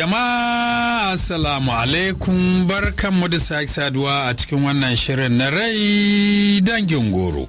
Jama'a Assalamu alaikum barkanmu da sake saduwa a cikin wannan shirin na rai dangin goro.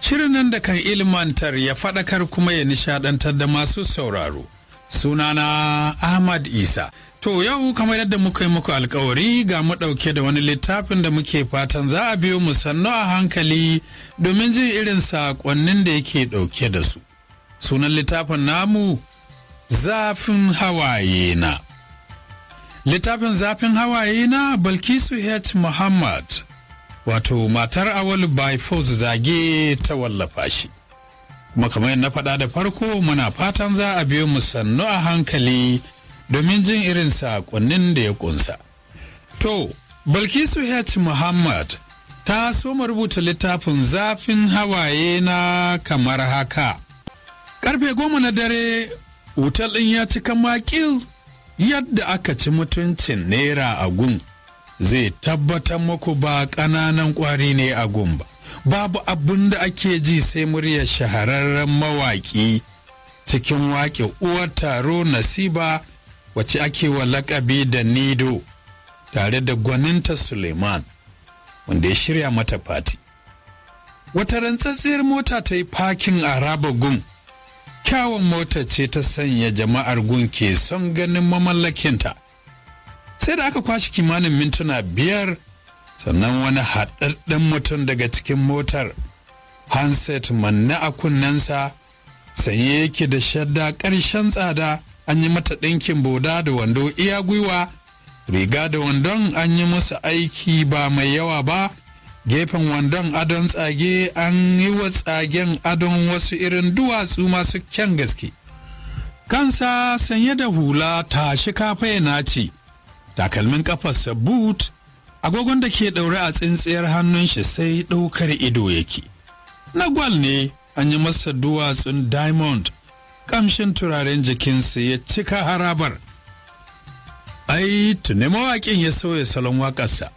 Shirin nan da kan ilmantar ya faɗakar kuma ya nishadantar da masu sauraro. Sunana Ahmad Isa. To yau kamar yadda muka yi muku alkawari ga mu ɗauke da wani littafin da muke fatan za a biyo mu sannu a hankali domin jin irin saƙonnin da yake ɗauke da su. Sunan littafin namu zafin hawaye na. littafin zafin hawaye na balkisu H. Muhammad, wato matar awal by force zage ta wallafa shi. Kuma na faɗa da farko muna fatan za a biyo musannu sannu a hankali domin jin irin saƙonnin da ya ƙunsa. To, balkisu H. Muhammad ta soma rubuta littafin zafin hawaye na kamar haka. Karfe goma na dare, wutar ɗin ya cika makil yadda aka ci mutuncin naira a gun zai tabbatar muku ba ƙananan ƙwari ne a gun ba babu abin da ake ji sai murya shahararren mawaƙi cikin waƙe uwar taro nasiba wacce ake wa laƙabi da nido tare da gwaninta suleiman wanda ya shirya mata fati wata rantsatsiyar mota ta yi fakin a raba gun Kyawun mota ce ta sanya jama'ar gun ke son ganin mamallakinta sai da aka kwashe kimanin mintuna biyar sannan wani haɗaɗɗen mutum daga cikin motar Hanset, manna a kunnensa sanye yake da shadda ƙarshen tsada an yi mata ɗinkin boda da wando iya gwiwa riga da wandon an yi musu aiki ba mai yawa ba gefen wandon adon tsage an yi wa tsagen adon wasu irin duwatsu masu kyan gaske kansa sanye da hula tashi kafa na ce takalmin kafarsa boot agogon da ke ɗaure a tsintsiyar hannun shi sai ɗaukar ido yake na gwal ne an yi masa duwatsun diamond ƙamshin turaren jikinsa ya cika harabar ai tuni mawaƙin ya sauya salon waƙarsa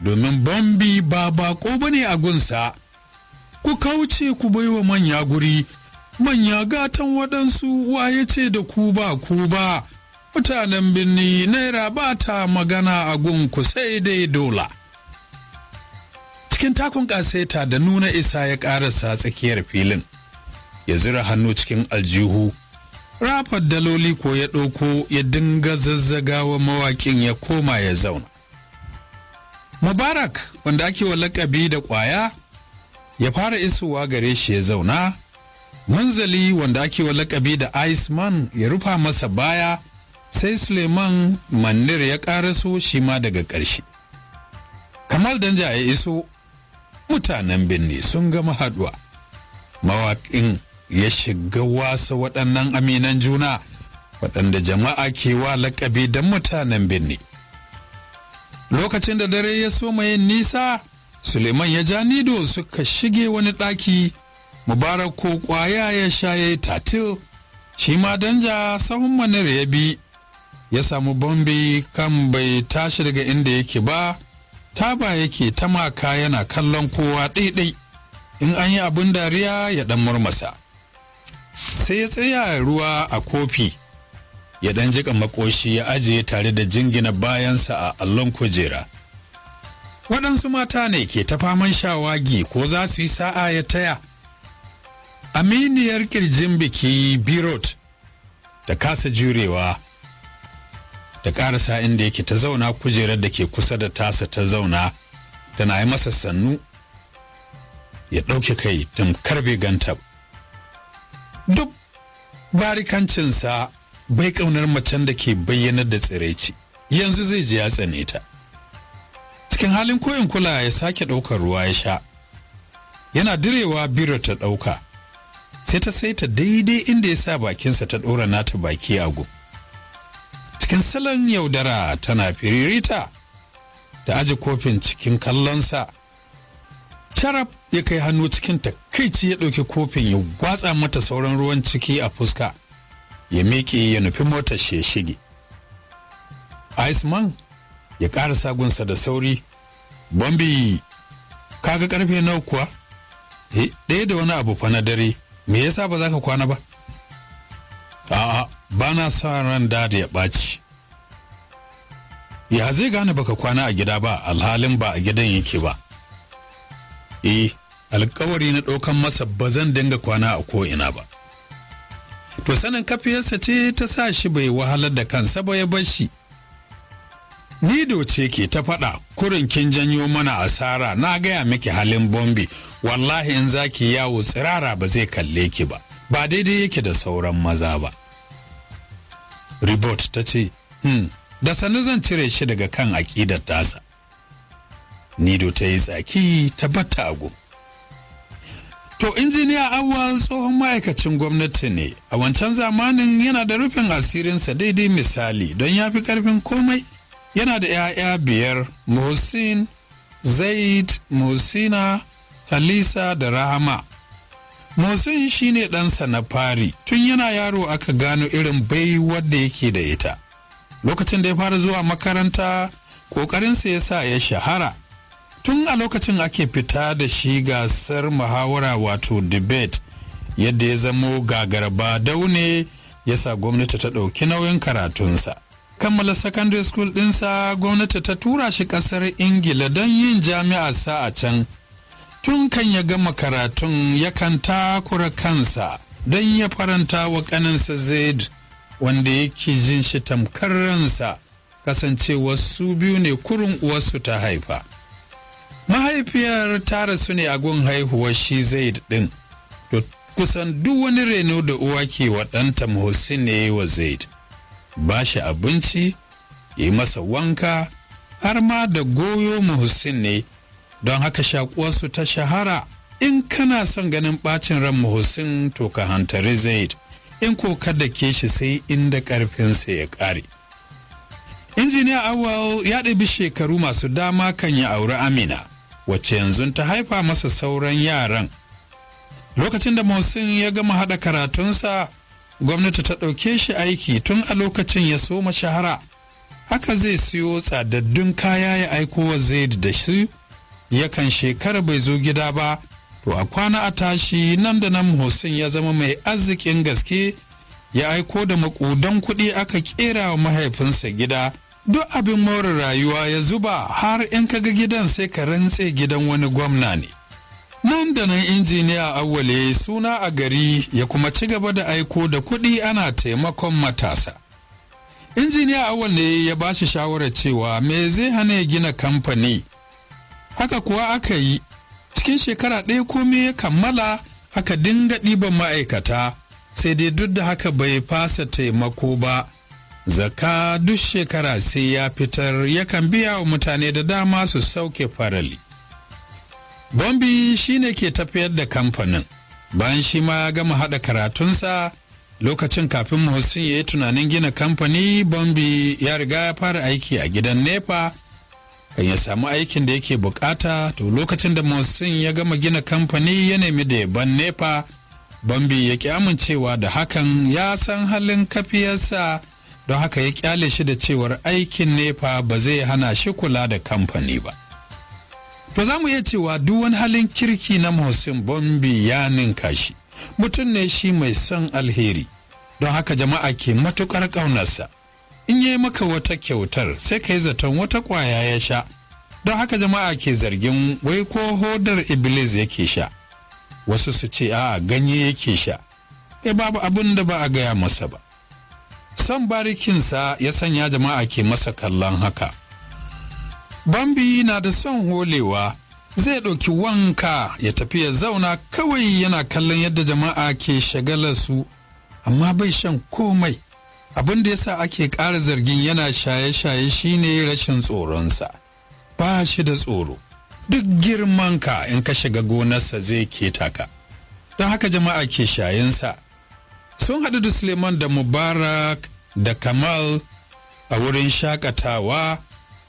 domin bambi ba bako ba ne a gunsa, ku kauce ku baiwa manya guri, manya gatan waɗansu waye ce da ku ba ku ba, mutanen birni naira ba ta magana a gunku sai dai dola. Cikin takun ƙaseta da nuna isa ya ƙarasa tsakiyar filin, ya zira hannu cikin aljihu. Rafar daloli ko ya ɗauko ya dinga zazzagawa mawaƙin ya koma ya zauna. mubarak wanda ake wa lakabi da ƙwaya ya fara isowa gare shi ya zauna manzali wanda ake wa lakabi da iceman ya rufa masa baya sai suleiman manir ya ƙaraso shi ma daga ƙarshe kamal danja ya iso mutanen binne sun gama haɗuwa mawaƙin ya shiga wasa waɗannan aminan juna waɗanda jama'a ke wa lakabi da mutanen binne lokacin da dare ya soma yin nisa suleiman ya ja nido suka shige wani ɗaki mubarak ko ƙwaya ya shaye tatil shi ma danja sahun manar ya bi ya samu bombe kan bai tashi daga inda yake ba taba yake ta maka yana kallon kowa ɗaiɗai in an yi abin dariya ya ɗan murmasa sai ya tsaya ruwa a kofi ya dan jika makoshi ya ajiye tare da jingina bayansa a allon kujera waɗansu mata ne ke ta faman shawagi ko za su yi sa'a ya taya aminiyar kirjin biki birot da kasa jurewa da ƙarasa inda yake ta zauna kujerar da ke kusa da tasa ta zauna tana yi masa sannu ya ɗauke kai tamkar ganta duk barikancinsa bai kaunar macen da ke bayyanar da tsiraici yanzu zai ji ya tsane ta cikin halin koyin kula ya sake ɗaukar ruwa ya sha yana direwa biro ta ɗauka sai ta saita daidai inda ya sa bakinsa ta ɗora nata baki agu cikin salon yaudara tana firirita da aji kofin cikin kallonsa sharaf ya kai hannu cikin takaici ya ɗauki kofin ya gwatsa mata sauran ruwan ciki a fuska ya miƙe ya nufi motar shi ya shige iceman ya ƙara sagunsa da sauri Bambi kaga karfe nawa kuwa eh, ɗaya da wani abu fa na dare me yasa ba za ka kwana ba a'a ba na sa ran da ya ɓaci ya zai gane baka kwana a gida ba alhalin ba a gidan yake ba eh alkawari na ɗaukan masa ba zan dinga kwana a ko'ina ba to sanin kafiyarsa ce ta sa shi bai wahalar da kansa ba ya bar shi Nido ce ke ta faɗa kurin kin janyo mana asara na gaya miki halin bombi, wallahi in za ki yawo tsirara ba zai kalle ki ba ba daidai yake da sauran maza ba. Ribot ta ce, hmm, da sanu zan cire shi daga kan aƙidar tasa. Nido ta yi tsaki ta bata ago. To injiniya abuwa tsohon ma'aikacin gwamnati ne, a wancan zamanin yana da rufin asirinsa daidai misali don ya fi ƙarfin komai. Yana da 'ya'ya biyar, Mohsin, Zaid, Mohsina, Halisa da Rahama. shi ne ɗansa na fari, tun yana yaro aka gano irin bai wadda yake da ita. Lokacin da ya fara zuwa makaranta, ƙoƙarinsa ya sa ya shahara. tun a lokacin ake fita da shi gasar muhawara wato debate yadda ya zamo gagaraba daune sa gwamnati ta ɗauki nauyin karatunsa kammala secondary school ɗinsa gwamnati ta tura shi ƙasar ingila don yin jami'a sa a can tun kan ya gama karatun yakan takura kansa don ya faranta wa ƙaninsa zaid wanda yake jin shi tamkar ransa kasancewa su biyu ne kurin uwarsu ta haifa mahaifiyar tara rasu ne a gun haihuwar shi zaid ɗin to kusan duk wani reno da uwa ke wa ɗanta muhsin ne wa zaid ba shi abinci yi masa wanka har ma da goyo muhsin ne don haka shakuwarsu ta shahara in kana son ganin ɓacin ran muhsin to ka hantari zaid in ko kada ke shi sai inda ƙarfinsa ya ƙare injiniya awal ya ɗabi shekaru masu dama kan ya auri amina wacce yanzu ta haifa masa sauran yaran lokacin da Mosin ya gama haɗa karatunsa gwamnati ta ɗauke shi aiki tun a lokacin ya soma shahara haka zai siyo tsadaddun kaya ya aiko wa zaid da shi yakan shekara bai zo gida ba to a kwana a tashi nan da nan Mosin ya zama mai arzikin gaske ya aiko da makudan kuɗi aka ƙera wa mahaifinsa gida duk abin more rayuwa ya zuba har in kaga gidan sai ka rantse gidan wani gwamna ne. Nan da nan injiniya awwal suna a gari ya kuma ci gaba da aiko da kuɗi ana taimakon matasa. Injiniya awwal ne ya ba shi shawarar cewa me zai hana ya gina kamfani. Haka kuwa aka yi, cikin shekara ɗaya komai ya kammala aka dinga ɗiban ma'aikata, sai dai duk da haka bai fasa taimako ba. Zaka duk shekara sai ya fitar yakan biya wa mutane da dama su sauke farali. Bambi shi ne ke tafiyar da kamfanin, bayan shi ma ya gama haɗa karatunsa lokacin kafin Muhsin ya yi tunanin gina kamfani Bambi ya riga ya fara aiki a gidan Nepa. kan ya samu aikin da yake bukata to lokacin da Muhsin ya gama gina kamfani ya nemi da yaban Nepa, Bambi ya ki amincewa da hakan ya san halin kafiyarsa. don haka ya kyale shi da cewar aikin NEPA ba zai hana shi kula da kamfani ba to za mu iya cewa duk wani halin kirki na Mohsin Bombi ya ninka shi mutum ne shi mai son alheri don haka jama'a ke matukar ƙaunarsa in ya yi maka wata kyautar sai ka yi zaton wata ƙwaya ya sha don haka jama'a ke zargin wai ko hodar iblis yake sha wasu su ce a'a ganye yake sha e babu abin da ba a gaya masa ba Son barikinsa ya sanya jama'a ke masa kallon haka. Bambi na da son holewa, zai ɗauki wanka ya tafi ya zauna kawai yana kallon yadda jama'a ke shagalar su, amma bai shan komai. Abin da yasa ake ƙara zargin yana shaye-shaye shine rashin tsoronsa. Ba shi da tsoro. Duk girmanka in ka shiga gonarsa zai keta ka. Don haka jama'a ke shayensa. sun haɗu da suleiman da mubarak da kamal a wurin shakatawa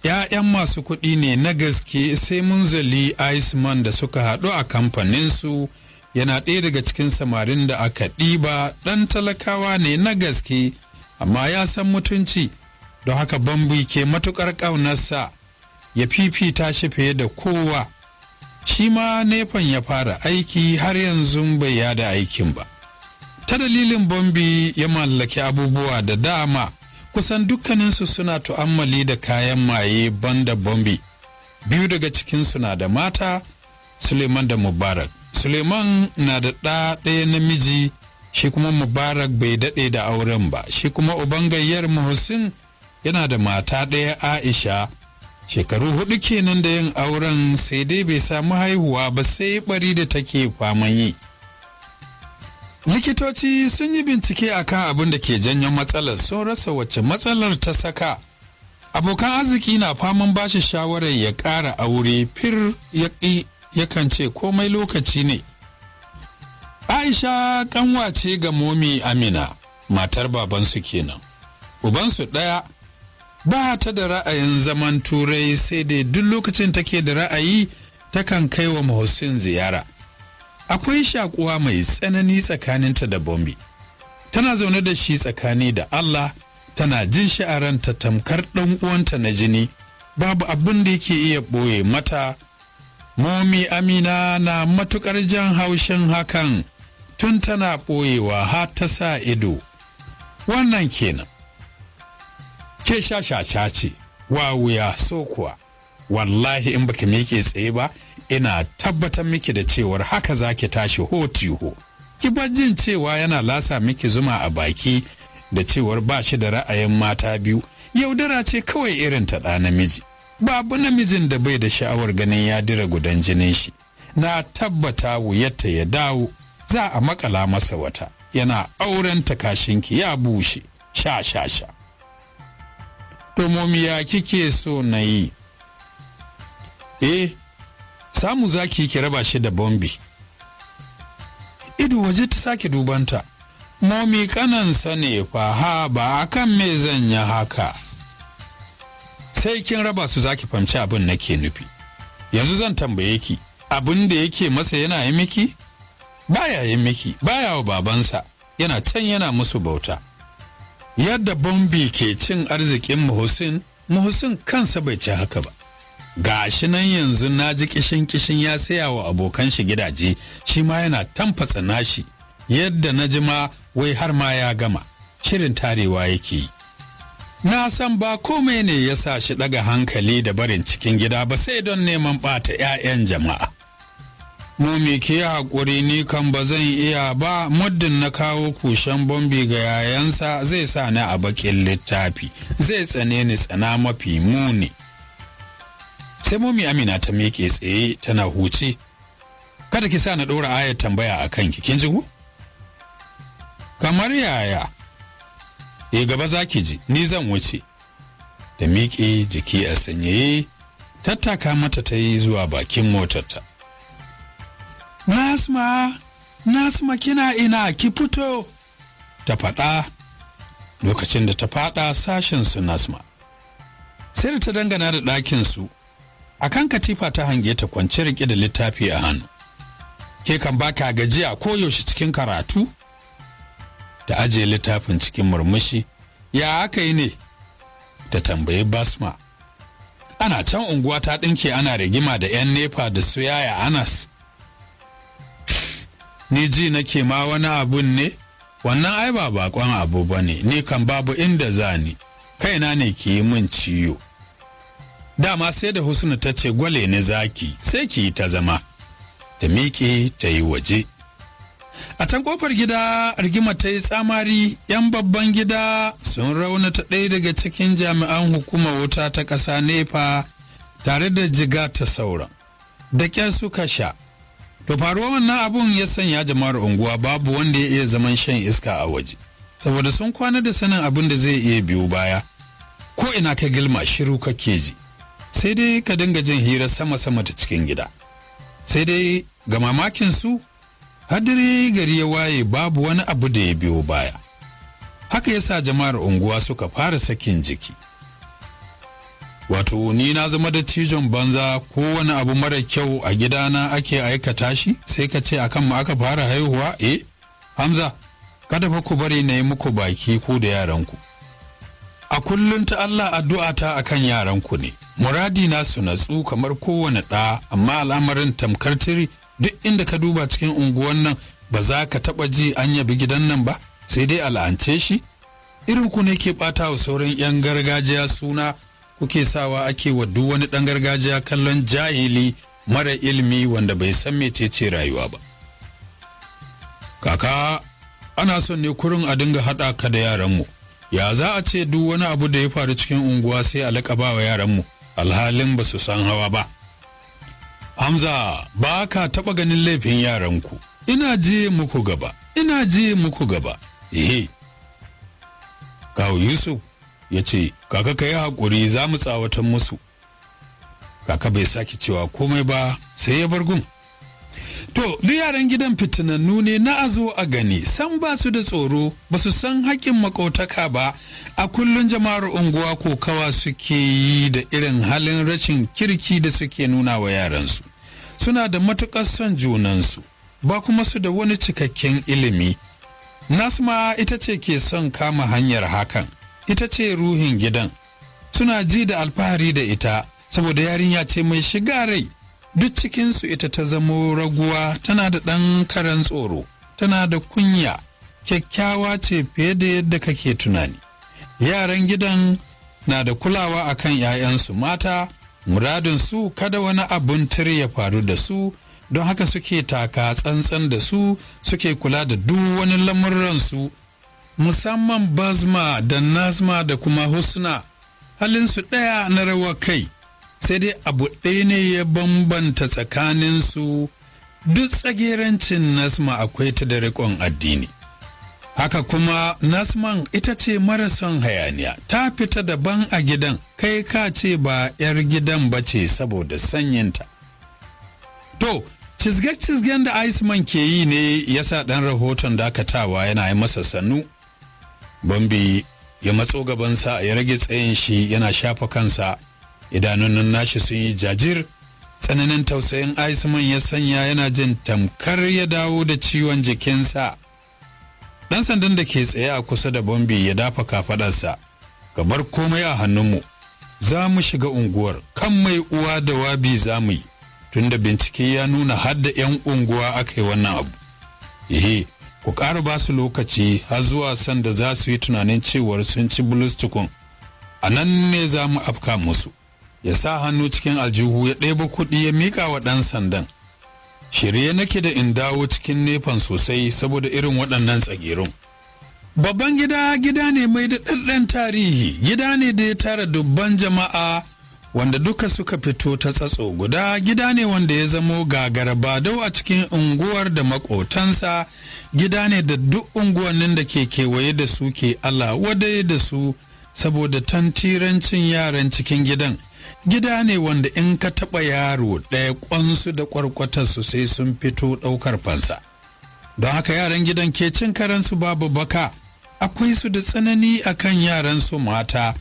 ‘ya'yan masu kuɗi ne na gaske sai mun zali iceman da suka haɗu a kamfaninsu yana ɗaya daga cikin samarin da aka ɗiba ɗan talakawa ne na gaske amma ya san mutunci don haka bambi ke matuƙar ƙaunarsa ya fifita shi fiye da kowa shi ma nefan ya fara aiki har yanzu bai yada aikin ba. ta dalilin bombi ya mallaki abubuwa da dama kusan dukkaninsu suna tu'ammali da kayan maye banda bombi biyu daga cikinsu suna da mata suleiman da mubarak suleiman na da ɗa ɗaya namiji shi kuma mubarak bai daɗe da auren ba shi kuma uban gayyar muhsin yana da mata ɗaya aisha shekaru hudu kenan da yin auren sai dai bai samu haihuwa ba sai bari da take faman yi likitoci sun yi bincike akan abin da ke janyo matsalar sun rasa wacce matsalar ta saka abokan arziki na faman bashi shawarar ya ƙara aure fir yakan ce komai lokaci ne aisha kanwa ce ga momi amina matar babansu kenan ubansu ɗaya ba ta da ra'ayin zaman turai sai dai duk lokacin take da ra'ayi takan kai wa Hussein ziyara akwai shakuwa mai tsanani tsakaninta da bombi tana zaune da shi tsakani da allah tana jin sha'aranta ta tamkar ɗan uwanta na jini babu abin da yake iya ɓoye mata momi amina na matukar jan haushin hakan tun tana ɓoyewa har ta sa ido wannan kenan ke sha ce wa wuya so kuwa wallahi in baki miƙe tsaye ba ina tabbatar miki da cewar haka zaki tashi hotiho ki bar jin cewa yana lasa miki zuma a baki da cewar ba shi da ra'ayin mata biyu yaudara ce kawai irin ta ɗa namiji babu namijin da bai da sha'awar ganin ya dira gudan jinin shi na tabbata wuyarta ya dawo za a makala masa wata yana auren ki. ya bushe sha sha sha kike so na yi eh samu zaki ki raba shi da bombi ido waje ta sake dubanta momi kanansa ne fa ha ba kan me zan yi haka sai kin raba su zaki fahimci abin nake nufi yanzu zan tambaye ki abin da yake masa yana yi miki baya yi miki baya wa babansa yana can yana musu bauta yadda bombi ke cin arzikin muhusin muhusin kansa bai ci haka ba ga shi nan yanzu na ji kishin kishin ya saya wa abokan shi gidaje shi ma yana tamfasa nashi yadda na ji ma wai har ma ya gama shirin tarewa yake yi na san ba komai ne ya sa shi daga hankali da barin cikin gida ba sai don neman ɓata 'ya'yan jama'a Mumi ke haƙuri ni kan ba zan iya ba muddin na kawo kushen bombi ga yayansa zai sa ni a bakin littafi zai tsane ni tsana mafi muni. sai momi amina ta miƙe tsaye tana huce kada ki sa na ɗora ayar tambaya a kanki kin ji ku kamar yaya e gaba za ki ji ni zan wuce da miƙe jiki a sanyaye tattaka mata ta yi zuwa bakin motarta nasma nasma kina ina ki fito ta faɗa lokacin da ta faɗa sashen su nasma sai da ta dangana da ɗakin su a akan katifa ta hange ta kwance rike da littafi a hannu ke kan baka gajiya koyaushe cikin karatu da ajiye littafin cikin murmushi ya aka yi ne ta tambayi basma ana can unguwa ta ɗinke ana rigima da 'yan nepa da su anas ni ji nake ma wani abun ne wannan ai ba bakon abu ba ne ni kan babu inda za ni kaina ne ke yi min ciwo dama sai da husna ta ce gwale ne zaki sai ki ta zama ta miƙe ta yi waje a can ƙofar gida rigima ta yi tsamari 'yan babban gida sun raunata ɗaya daga cikin jami'an hukumar wuta ta ƙasa nefa tare da jiga ta sauran da ƙyar suka sha to faruwa wannan abun ya sanya jama'ar unguwa babu wanda ya iya zaman shan iska a waje saboda sun kwana da sanin abin da zai iya biyu baya ko ina ka gilma shiru kake ji sai dai ka dinga jin hira sama-sama ta cikin gida sai dai ga mamakin su hadiri gari ya waye babu wani abu da ya biyo baya haka yasa jama'ar unguwa suka fara sakin jiki wato ni na zama da cijon banza ko wani abu mara kyau a gidana ake aikata shi sai ka ce akan mu aka fara haihuwa eh hamza kada fa ku bari na yi muku baki ku da yaranku a kullum ta Allah addu'a ta akan yaranku ne muradi na su natsu kamar kowane ɗa amma al'amarin tamkar tiri duk inda ka duba cikin unguwan nan ba za ka taɓa ji an yabi gidan nan ba sai dai al'ance shi irin ku ne ke ɓata wa sauran 'yan gargajiya suna kuke sawa ake wa duk wani ɗan gargajiya kallon jahili mara ilimi wanda bai san mecece rayuwa ba kaka ana son ne kurin a dinga haɗa ka da yaranmu ya za a ce duk wani abu da ya faru cikin unguwa sai a laƙaba wa yaranmu alhalin ba su san hawa ba. Hamza ba ka taɓa ganin laifin yaranku, ina ji muku gaba, ina ji muku gaba, ihe. Kawo Yusuf ya ce, Kaka ka yi haƙuri za mu tsawatan musu. Kaka bai sake cewa komai ba sai ya bar gun. To, duk yaran gidan fitinannu ne na azo a gani, san ba su da tsoro, ba su san haƙƙin makautaka ba, a kullum jama'ar unguwa ko kawa suke yi da irin halin rashin kirki da suke nuna wa yaransu. Suna da matuƙar son junansu, ba kuma su da wani cikakken ilimi. Nasma ita ce ke son kama hanyar hakan, ita ce ruhin gidan. Suna ji da alfahari da ita, saboda yarinya ce mai shiga rai. duk cikinsu ita ta zamo raguwa tana da ɗan karen tsoro tana da kunya kyakkyawa ce fiye da yadda kake tunani yaran gidan na da kulawa akan 'ya'yansu mata muradin su kada wani abun tare ya faru da su don haka suke taka tsantsan da su suke kula da duk wani lamuransu musamman bazma da nazma da kuma husna halinsu ɗaya na rawa kai sai dai abu ɗaya ne ya bambanta tsakaninsu duk tsagerancin nasma akwai ta da riƙon addini haka kuma nasman ita ce mara hayaniya ta fita daban a gidan kai ka ce ba 'yar gidan ba ce saboda sanyinta to cizge-cizgen da iceman ke yi ne ya sa ɗan rahoton dakatawa yana yi masa sannu bambi ya matso gabansa ya rage tsayin shi yana shafa kansa idanunan nashi sun yi jajir tsananin tausayin Aisman ya sanya yana jin tamkar ya dawo da ciwon jikinsa ɗan sandan da ke tsaye a kusa da bombi ya dafa kafaɗarsa kamar komai a hannunmu za mu shiga unguwar kan mai uwa da wabi za mu yi tunda bincike ya nuna har da 'yan unguwa aka yi wannan abu ehe ku ƙara ba su lokaci har zuwa sanda za su yi tunanin cewar sun ci bulustukun a nan ne za mu afka musu ya sa hannu cikin aljihu ya ɗebo kuɗi ya miƙa wa ɗan sandan shirye nake da in dawo cikin nefan sosai saboda irin waɗannan tsagerun babban gida gida ne mai da ɗanɗan tarihi gida ne da ya tara dubban jama'a wanda duka suka fito ta tsatso guda gida ne wanda ya zamo gagara dau a cikin unguwar da makotansa gida ne da duk unguwannin da ke kewaye da su ke Allah wadai da su saboda tantirancin yaran cikin gidan gida ne wanda in ka taɓa yaro ɗaya ƙwansu da ƙwarƙwatarsu sai sun fito ɗaukar fansa don haka yaran gidan ke cin karansu babu baka akwai su da tsanani a kan yaransu mata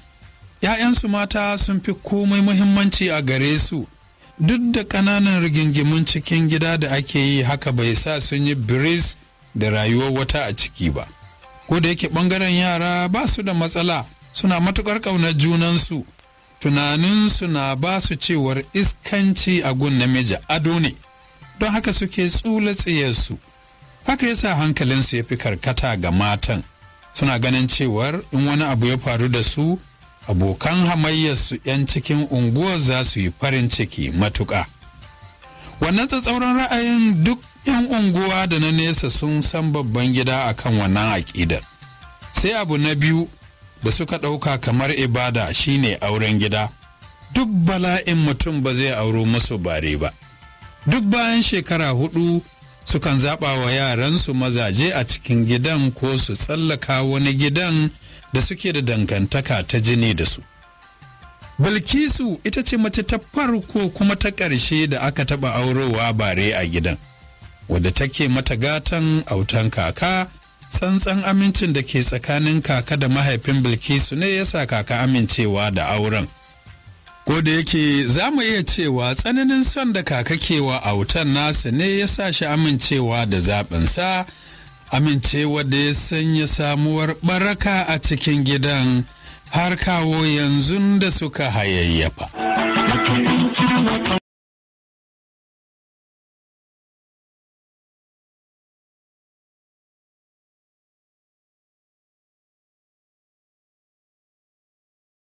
‘ya'yansu mata sun fi komai muhimmanci a gare su duk da ƙananan rigingimun cikin gida da ake yi haka bai sa sun yi biris da rayuwar wata a ciki ba. Ko da yake ɓangaren yara ba su da matsala, suna matuƙar ƙaunar junansu tunaninsu na ba su cewar iskanci a gun namiji ado ne don haka suke tsula tsiyarsu haka ya yasa hankalinsu ya fi karkata ga matan suna ganin cewar in wani abu ya faru da su abokan hamayyarsu 'yan cikin unguwar za su yi farin ciki matuƙa wannan tsatsauran ra'ayin duk 'yan unguwa da na nesa sun san babban gida akan wannan aƙidar sai abu na biyu da suka ɗauka kamar ibada shine auren gida duk bala'in mutum ba zai auro masu bare ba duk bayan shekara hudu sukan zaɓa wa yaransu mazaje a cikin gidan ko su tsallaka wani gidan da suke da dangantaka ta jini da su bilkisu ita ce mace ta farko kuma ta ƙarshe da aka taɓa aurowa bare a gidan wadda take mata gatan autan kaka Tsantsan amincin da ke tsakanin kaka da mahaifin Bilkisu ne ya sa kaka amincewa da auren. Ko da yake za mu iya cewa tsananin son da kaka kewa a wutan nasa ne ya sa shi amincewa da zaɓinsa, amincewa da ya sanya samuwar baraka a cikin gidan har kawo yanzu da suka hayayyafa.